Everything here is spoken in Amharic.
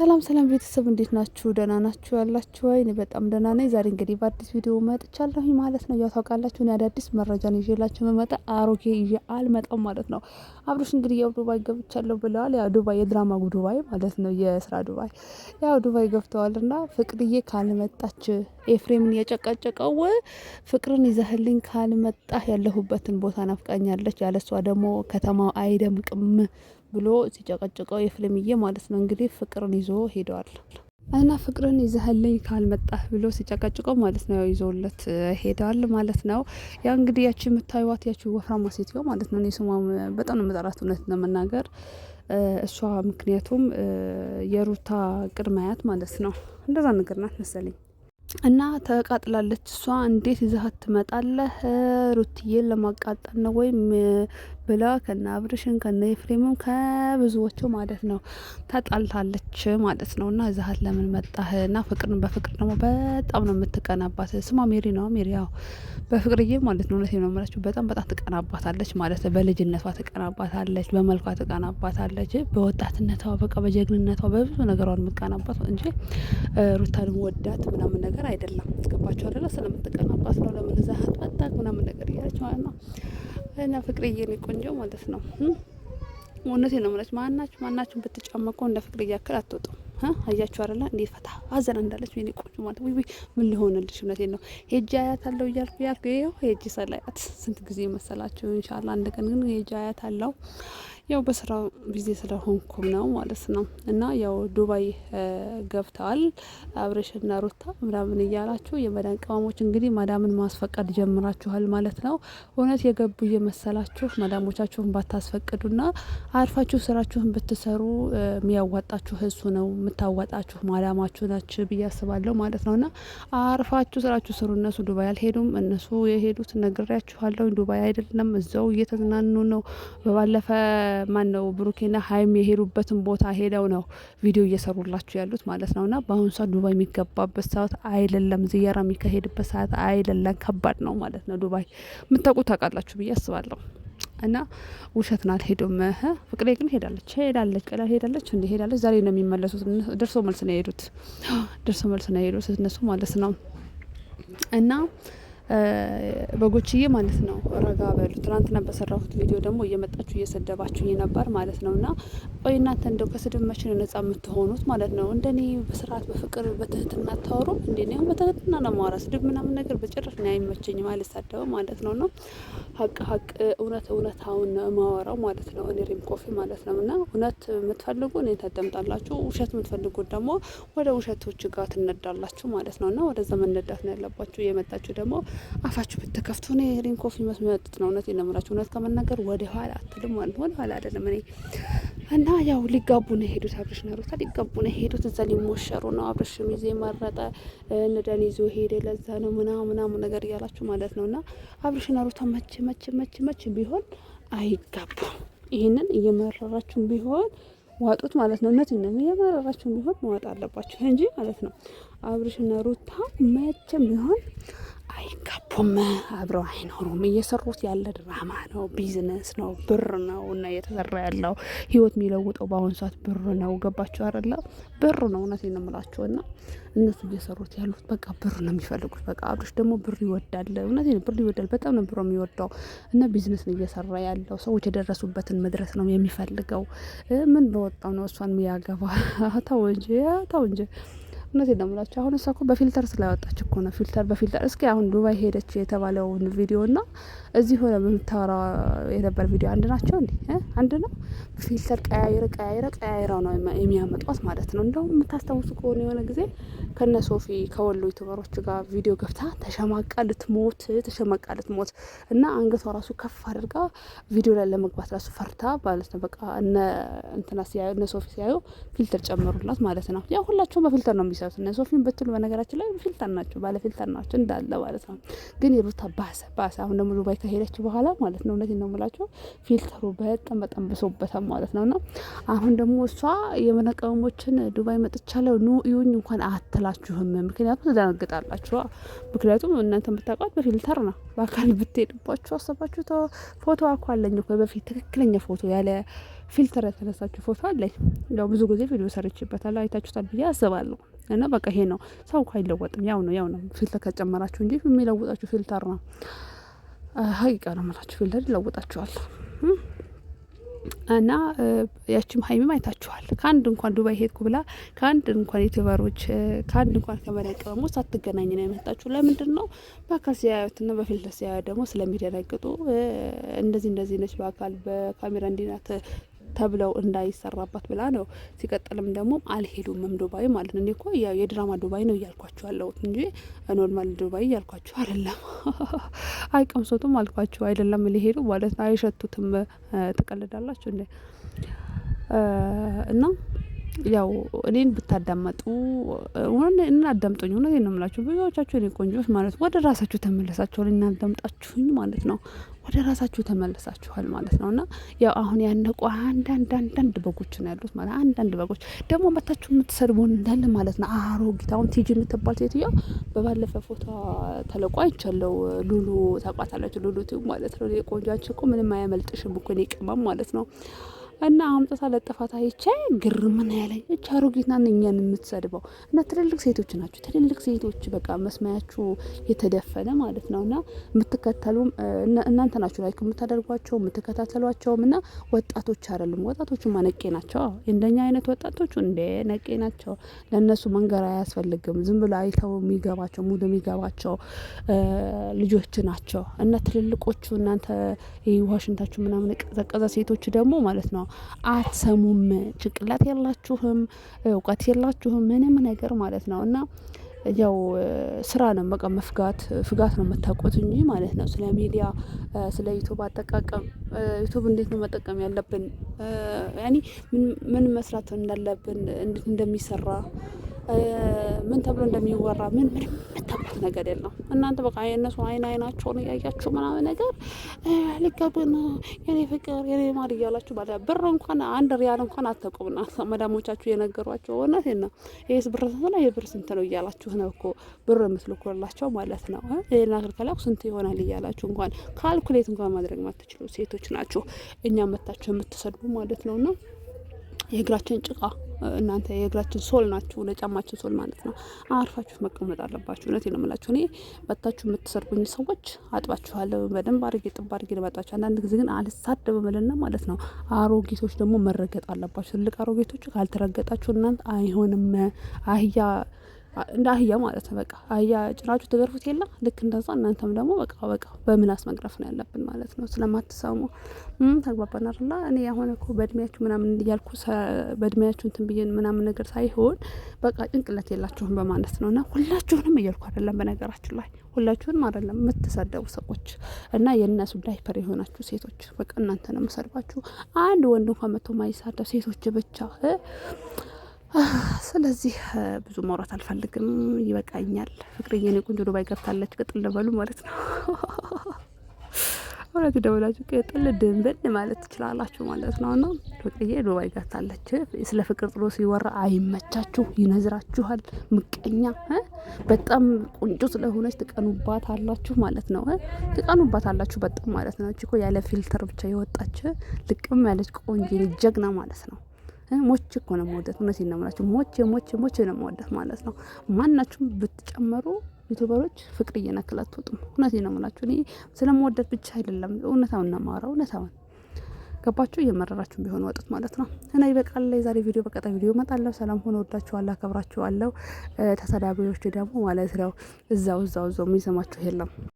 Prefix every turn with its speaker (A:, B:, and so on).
A: ሰላም ሰላም ቤተሰብ እንዴት ናችሁ? ደህና ናችሁ ያላችሁ? አይ እኔ በጣም ደህና ነኝ። ዛሬ እንግዲህ በአዲስ ቪዲዮ መጥቻለሁ ማለት ነው። ያው ታውቃላችሁ እኔ አዳዲስ መረጃ ነው ይዤላችሁ መመጣ አሮጌ ይዤ አልመጣም ማለት ነው። አብሮሽ እንግዲህ ያው ዱባይ ገብቻለሁ ብለዋል። ያው ዱባይ የድራማ ዱባይ ማለት ነው፣ የስራ ዱባይ ያው ዱባይ ገብተዋልና እና ፍቅርዬ ካልመጣች ኤፍሬምን የጨቀጨቀው ፍቅርን ይዘህልኝ ካልመጣህ ያለሁበትን ቦታ ናፍቃኛለች፣ ያለሷ ደግሞ ከተማው አይደምቅም ብሎ ሲጨቀጭቀው የፍልምዬ ማለት ነው እንግዲህ ፍቅርን ይዞ ሄደዋል እና ፍቅርን ይዘህልኝ ካልመጣህ ብሎ ሲጨቀጭቀው ማለት ነው ያው ይዞለት ሄደዋል ማለት ነው። ያ እንግዲህ ያቺ የምታዩዋት ያቺ ወፍራማ ሴትዮ ማለት ነው። እኔ ስሟም በጣም የምጠራት እውነት ለመናገር እሷ ምክንያቱም የሩታ ቅድማያት ማለት ነው እንደዛ ነገር ናት መሰለኝ እና ተቃጥላለች። እሷ እንዴት ይዘሃት ትመጣለህ? ሩትዬን ለማቃጠል ነው ወይም ብላ ከነ አብርሽን ከነ ኤፍሬምም ከብዙዎቹ ማለት ነው ተጣልታለች ማለት ነው። እና እዛሀት ለምን መጣህ? እና ፍቅር በፍቅር ደግሞ በጣም ነው የምትቀናባት። ስማ ሜሪ ነው። ሜሪ ያው በፍቅርዬ ማለት ነው። እውነቴን ነው የምላችሁ። በጣም በጣም ትቀናባታለች ማለት ነው። በልጅነቷ ትቀናባታለች፣ በመልኳ ትቀናባታለች፣ በወጣትነቷ በቃ በጀግንነቷ በብዙ ነገሯ የምትቀናባት እንጂ ሩታንም ወዳት ምናምን ነገር አይደለም። ገባችሁ አይደለ? ስለምትቀናባት ነው ለምን እዛሀት መጣ ምናምን ነገር እያለች ማለት ነው። እና ፍቅርዬ የኔ ቆንጆ ማለት ነው። እውነቴ ነው ማለት ማናችሁ ማናችሁን ብትጫመቁ እንደ ፍቅርዬ ያክል አትወጡም። አያችሁ አይደለ እንዴ? ፈታ አዘና እንዳለች የኔ ቆንጆ ማለት ወይ ምን ሊሆንልሽ? እውነቴ ነው ሄጅ አያት አለው እያልኩ ያልኩ ይኸው ሄጅ ሰላያት ስንት ጊዜ መሰላችሁ። ኢንሻአላህ አንድ ቀን ግን ሄጅ አያት አለው ያው በስራ ቢዚ ስለሆንኩም ነው ማለት ነው። እና ያው ዱባይ ገብተዋል አብሬሽና ሩታ ምናምን እያላችሁ የመዳን ቅመሞች እንግዲህ ማዳምን ማስፈቀድ ጀምራችኋል ማለት ነው። እውነት የገቡ እየመሰላችሁ ማዳሞቻችሁን ባታስፈቅዱና አርፋችሁ ስራችሁን ብትሰሩ የሚያዋጣችሁ እሱ ነው፣ የምታዋጣችሁ ማዳማችሁ ናች ብዬ አስባለሁ ማለት ነው። እና አርፋችሁ ስራችሁ ስሩ። እነሱ ዱባይ አልሄዱም። እነሱ የሄዱት ነግሬያችኋለሁ፣ ዱባይ አይደለም፣ እዛው እየተዝናኑ ነው። በባለፈ ማን ነው ብሩኬና ሀይም የሄዱበትን ቦታ ሄደው ነው ቪዲዮ እየሰሩላችሁ ያሉት ማለት ነው። ነውና በአሁኑ ሰዓት ዱባይ የሚገባበት ሰዓት አይደለም፣ ዝያራ የሚካሄድበት ሰዓት አይደለም። ከባድ ነው ማለት ነው። ዱባይ የምታውቁ ታውቃላችሁ ብዬ አስባለሁ። እና ውሸት ና ሄዱም ፍቅሬ ግን ሄዳለች ሄዳለች ቀላ ሄዳለች እንዲ ሄዳለች። ዛሬ ነው የሚመለሱት። ደርሶ መልስ ነው የሄዱት። ደርሶ መልስ ነው የሄዱት እነሱ ማለት ነው እና በጎችዬ ማለት ነው። ረጋ በሉ። ትናንትና በሰራሁት ቪዲዮ ደግሞ እየመጣችሁ እየሰደባችሁኝ ነበር ማለት ነው። እና ቆይ እናንተ እንደው ከስድብ መቼ ነው ነጻ የምትሆኑት ማለት ነው? እንደኔ በስርዓት በፍቅር በትህትና አታወሩም እንዴ? ነው በትህትና ነው ማወራ። ስድብ ምናምን ነገር በጭራሽ ነው ማለት ሳደበ ማለት ነው። እና ሀቅ ሀቅ እውነት እውነት እውነታውን ማወራው ማለት ነው። እኔ ሪም ኮፊ ማለት ነው። እና እውነት የምትፈልጉ እኔ ታደምጣላችሁ፣ ውሸት የምትፈልጉ ደግሞ ወደ ውሸቶች ጋር ትነዳላችሁ ማለት ነው። እና ወደዛ መነዳት ነው ያለባችሁ። የመጣችሁ ደግሞ አፋችሁ ብትከፍቱ እኔ ሪንኮፍ መስመጥጥ ነው። እውነቴን ነው የምላችሁ። እውነት ከመናገር ወደ ኋላ አትልም፣ ማለት ወደ ኋላ አይደለም እኔ እና ያው ሊጋቡ ነው የሄዱት አብርሽ ነው ሩታ ሊጋቡ ነው የሄዱት። እዛ ሊሞሸሩ ነው። አብርሽ ሚዜ መረጠ እንደን ይዞ ሄደ። ለዛ ነው ምናምን ምናምን ነገር እያላችሁ ማለት ነው። እና አብርሽ ነው ሩታ መቼ መቼ መቼ መቼ ቢሆን አይጋቡም። ይህንን እየመረራችሁ ቢሆን ዋጡት ማለት ነው። እውነት ነው የመረራችሁ ቢሆን መዋጥ አለባችሁ እንጂ ማለት ነው። አብርሽና ሩታ መቼም ቢሆን አይጋቡም፣ አብረው አይኖሩም። እየሰሩት ያለ ድራማ ነው፣ ቢዝነስ ነው፣ ብር ነው እና እየተሰራ ያለው ህይወት የሚለውጠው በአሁኑ ሰዓት ብር ነው። ገባችሁ አይደለ? ብር ነው። እውነቴን ነው የምላቸው እና እነሱ እየሰሩት ያሉት በቃ ብር ነው የሚፈልጉት። በቃ አብሮች ደግሞ ብር ይወዳል። እውነቴን ነው፣ ብር ይወዳል። በጣም ነው ብሮ የሚወዳው እና ቢዝነስ ነው እየሰራ ያለው። ሰዎች የደረሱበትን መድረስ ነው የሚፈልገው። ምን በወጣው ነው እሷን የሚያገባ? ተው እንጂ ተው እንጂ እውነቴን ነው የምላችሁ። አሁን እሷ እኮ በፊልተር ስላወጣች እኮ ነው ፊልተር በፊልተር እስኪ አሁን ዱባይ ሄደች የተባለውን ቪዲዮ ና እዚህ ሆነ በምታወራ የነበር ቪዲዮ አንድ ናቸው እንዲ አንድ ነው። ፊልተር ቀያይረ ቀያይረ ቀያይረው ነው የሚያመጧት ማለት ነው። እንደውም የምታስታውሱ ከሆነ የሆነ ጊዜ ከነ ሶፊ ከወሎ ዩቱበሮች ጋር ቪዲዮ ገብታ ተሸማቃ ልትሞት ተሸማቃ ልትሞት እና አንገቷ ራሱ ከፍ አድርጋ ቪዲዮ ላይ ለመግባት ራሱ ፈርታ ማለት ነው። በቃ እነ እንትና ሲያዩ እነ ሶፊ ሲያዩ ፊልተር ጨመሩላት ማለት ነው። ያው ሁላቸውም በፊልተር ነው የሚ የሚሰሩት እነ ሶፊን ብትሉ በነገራችን ላይ ፊልተር ናቸው፣ ባለ ፊልተር ናቸው እንዳለ ማለት ነው። ግን የሩታ ባሰ ባሰ። አሁን ደግሞ ዱባይ ከሄደች በኋላ ማለት ነው እውነት ነው የምላቸው ፊልተሩ በጣም በጣም ብሶበታል ማለት ነው። እና አሁን ደግሞ እሷ የመነቀመሞችን ዱባይ መጥቻለሁ ኑ እዩኝ እንኳን አትላችሁም። ምክንያቱም ትደነግጣላችሁ። ምክንያቱም እናንተ የምታውቋት በፊልተር ነው። በአካል ብትሄድባችሁ አሰባችሁ ፎቶ አኳለኝ እኮ በፊት ትክክለኛ ፎቶ ያለ ፊልተር የተነሳችሁ ፎቶ አለኝ። ያው ብዙ ጊዜ ቪዲዮ ሰርችበታለሁ አይታችሁታል ብዬ አስባለሁ። እና በቃ ይሄ ነው። ሰው እኮ አይለወጥም። ያው ነው ያው ነው። ፊልተር ከጨመራችሁ እንጂ የሚለውጣችሁ ፊልተር ነው። ሀቂቃ ነው የምላችሁ። ፊልተር ይለውጣችኋል። እና ያችም ሀይሚም አይታችኋል። ከአንድ እንኳን ዱባይ ሄድኩ ብላ ከአንድ እንኳን ዩቲዩበሮች ከአንድ እንኳን ከመሪያ ቅመሞች ሳትገናኝ ነው የመጣችሁ። ለምንድን ነው? በአካል ሲያዩትና በፊልተር ሲያዩ ደግሞ ስለሚደነግጡ እንደዚህ እንደዚህ ነች፣ በአካል በካሜራ እንዲናት ተብለው እንዳይሰራባት ብላ ነው። ሲቀጥልም ደግሞ አልሄዱምም ዱባይ ማለት ነው። እኔ እኮ ያው የድራማ ዱባይ ነው እያልኳችሁ ያለሁት እንጂ ኖርማል ዱባይ እያልኳችሁ አይደለም። አይቀምሶትም አልኳችሁ አይደለም። ሊሄዱ ማለት ነው። አይሸቱትም። ትቀልዳላችሁ እንዴ? እና ያው እኔን ብታዳመጡ እና አዳምጡኝ። እውነቴን ነው የምላችሁ። ብዙዎቻችሁ እኔ ቆንጆች ማለት ወደ ራሳችሁ ተመለሳችሁ እናዳምጣችሁኝ ማለት ነው። ወደ ራሳችሁ ተመልሳችኋል ማለት ነው። እና ያው አሁን ያነቁ አንዳንድ አንዳንድ በጎች ነው ያሉት ማለት አንዳንድ በጎች ደግሞ መታችሁ የምትሰድቡን እንዳለ ማለት ነው። አሮጊት አሁን ቲጂ የምትባል ሴትዮዋ በባለፈ ፎቶ ተለቋ አይቻለው። ሉሉ ታቋታላችሁ፣ ሉሉ ማለት ነው። ቆንጆ አንቺ እኮ ምንም አያመልጥሽም እኮ እኔ ቅመም ማለት ነው እና አምጥታ ለጥፋት አይቼ ግርምን ነው ያለኝ። እች አሮጊትና እኛን የምትሰድበው እና ትልልቅ ሴቶች ናቸው። ትልልቅ ሴቶች በቃ መስማያችሁ የተደፈነ ማለት ነው። እና የምትከተሉም እናንተ ናችሁ፣ ላይክ የምታደርጓቸው የምትከታተሏቸውም እና ወጣቶች አይደሉም። ወጣቶቹ ማነቄ ናቸው። እንደኛ አይነት ወጣቶቹ እንደ ነቄ ናቸው። ለእነሱ መንገር አያስፈልግም። ዝም ብሎ አይተው የሚገባቸው ሙሉ የሚገባቸው ልጆች ናቸው። እና ትልልቆቹ እናንተ ዋሽንታችሁ ምናምን ቀዘቀዘ ሴቶች ደግሞ ማለት ነው አትሰሙም። ጭንቅላት የላችሁም፣ እውቀት የላችሁም፣ ምንም ነገር ማለት ነው እና ያው ስራ ነው በቃ መፍጋት ፍጋት ነው የምታውቁት እንጂ ማለት ነው። ስለ ሚዲያ ስለ ዩቱብ አጠቃቀም ዩቱብ እንዴት ነው መጠቀም ያለብን፣ ያኔ ምን መስራት እንዳለብን፣ እንዴት እንደሚሰራ ምን ተብሎ እንደሚወራ ምን ምን የምታውቁት ነገር የለም። እናንተ በቃ የእነሱ አይን አይናቸውን እያያችሁ ምናምን ነገር ልቀብን የኔ ፍቅር የኔ ማር እያላችሁ ባለ ብር እንኳን አንድ ሪያል እንኳን አታውቁም። እናንተ መዳሞቻችሁ የነገሯቸው እውነት ና ይህስ ብር ስንት ነው? የብር ስንት ነው እያላችሁ ነው እኮ ብር የምትልኩላቸው ማለት ነው። ሌላ አክል ከላኩ ስንት ይሆናል እያላችሁ እንኳን ካልኩሌት እንኳን ማድረግ ማትችሉ ሴቶች ናችሁ። እኛ መታችሁ የምትሰድቡ ማለት ነው ና የእግራችን ጭቃ እናንተ የእግራችን ሶል ናችሁ፣ ለጫማችን ሶል ማለት ነው። አርፋችሁ መቀመጥ አለባችሁ። እውነት ነው የምላችሁ። እኔ በታችሁ የምትሰርጉኝ ሰዎች አጥባችኋለሁ በደንብ አድርጌ ጥብ አድርጌ ልመጣችሁ። አንዳንድ ጊዜ ግን አልሳደብም እልና ማለት ነው። አሮጌቶች ደግሞ መረገጥ አለባችሁ። ትልቅ አሮጌቶች ካልተረገጣችሁ እናንተ አይሆንም አህያ እንደ አህያ ማለት ነው። በቃ አህያ ጭናችሁ ትገርፉት የለ ልክ እንደዛ እናንተም ደግሞ በቃ በቃ በምላስ መግረፍ ነው ያለብን ማለት ነው። ስለማትሰሙ ተግባባናል። ና እኔ አሁን እኮ በእድሜያችሁ ምናምን እያልኩ በእድሜያችሁ እንትን ብዬን ምናምን ነገር ሳይሆን በቃ ጭንቅለት የላችሁም በማለት ነው። እና ሁላችሁንም እያልኩ አይደለም በነገራችሁ ላይ ሁላችሁንም አይደለም የምትሰደቡ ሰዎች እና የእነሱ ዳይፐር የሆናችሁ ሴቶች በቃ እናንተ ነው የምሰድባችሁ። አንድ ወንድ እንኳ መጥቶ ማይሳደብ ሴቶች ብቻ ስለዚህ ብዙ ማውራት አልፈልግም፣ ይበቃኛል። ፍቅርዬ የኔ ቆንጆ ዱባይ ገብታለች፣ ቅጥል በሉ ማለት ነው። እውነት ደውላችሁ ቅጥል ድንብን ማለት ትችላላችሁ ማለት ነው። እና ፍቅርዬ ዱባይ ገብታለች። ስለ ፍቅር ጥሎ ሲወራ አይመቻችሁ፣ ይነዝራችኋል። ምቀኛ በጣም ቁንጆ ስለሆነች ትቀኑባት አላችሁ ማለት ነው። ትቀኑባት አላችሁ በጣም ማለት ነው። እኮ ያለ ፊልተር ብቻ የወጣች ልቅም ያለች ቆንጆ ጀግና ማለት ነው። ሞቼ እኮ ነው የምወዳት። እውነቴን ነው የምላቸው ሞቼ ሞቼ ሞቼ ነው የምወዳት ማለት ነው። ማናችሁም ብትጨመሩ ዩቱበሮች ፍቅር እየነክል አትወጡም። እውነት ነው የምላችሁ እኔ ስለምወዳት ብቻ አይደለም እውነታውን ነው የማወራው እውነታውን ገባችሁ። እየመረራችሁም ቢሆን ወጡት ማለት ነው እና ይበቃል። ላይ ዛሬ ቪዲዮ በቀጣይ ቪዲዮ እመጣለሁ። ሰላም ሆኖ ወዳችኋለሁ፣ አከብራችኋለሁ። ተሳዳቢዎች ደግሞ ማለት ነው እዛው እዛው እዛው የሚሰማችሁ የለም።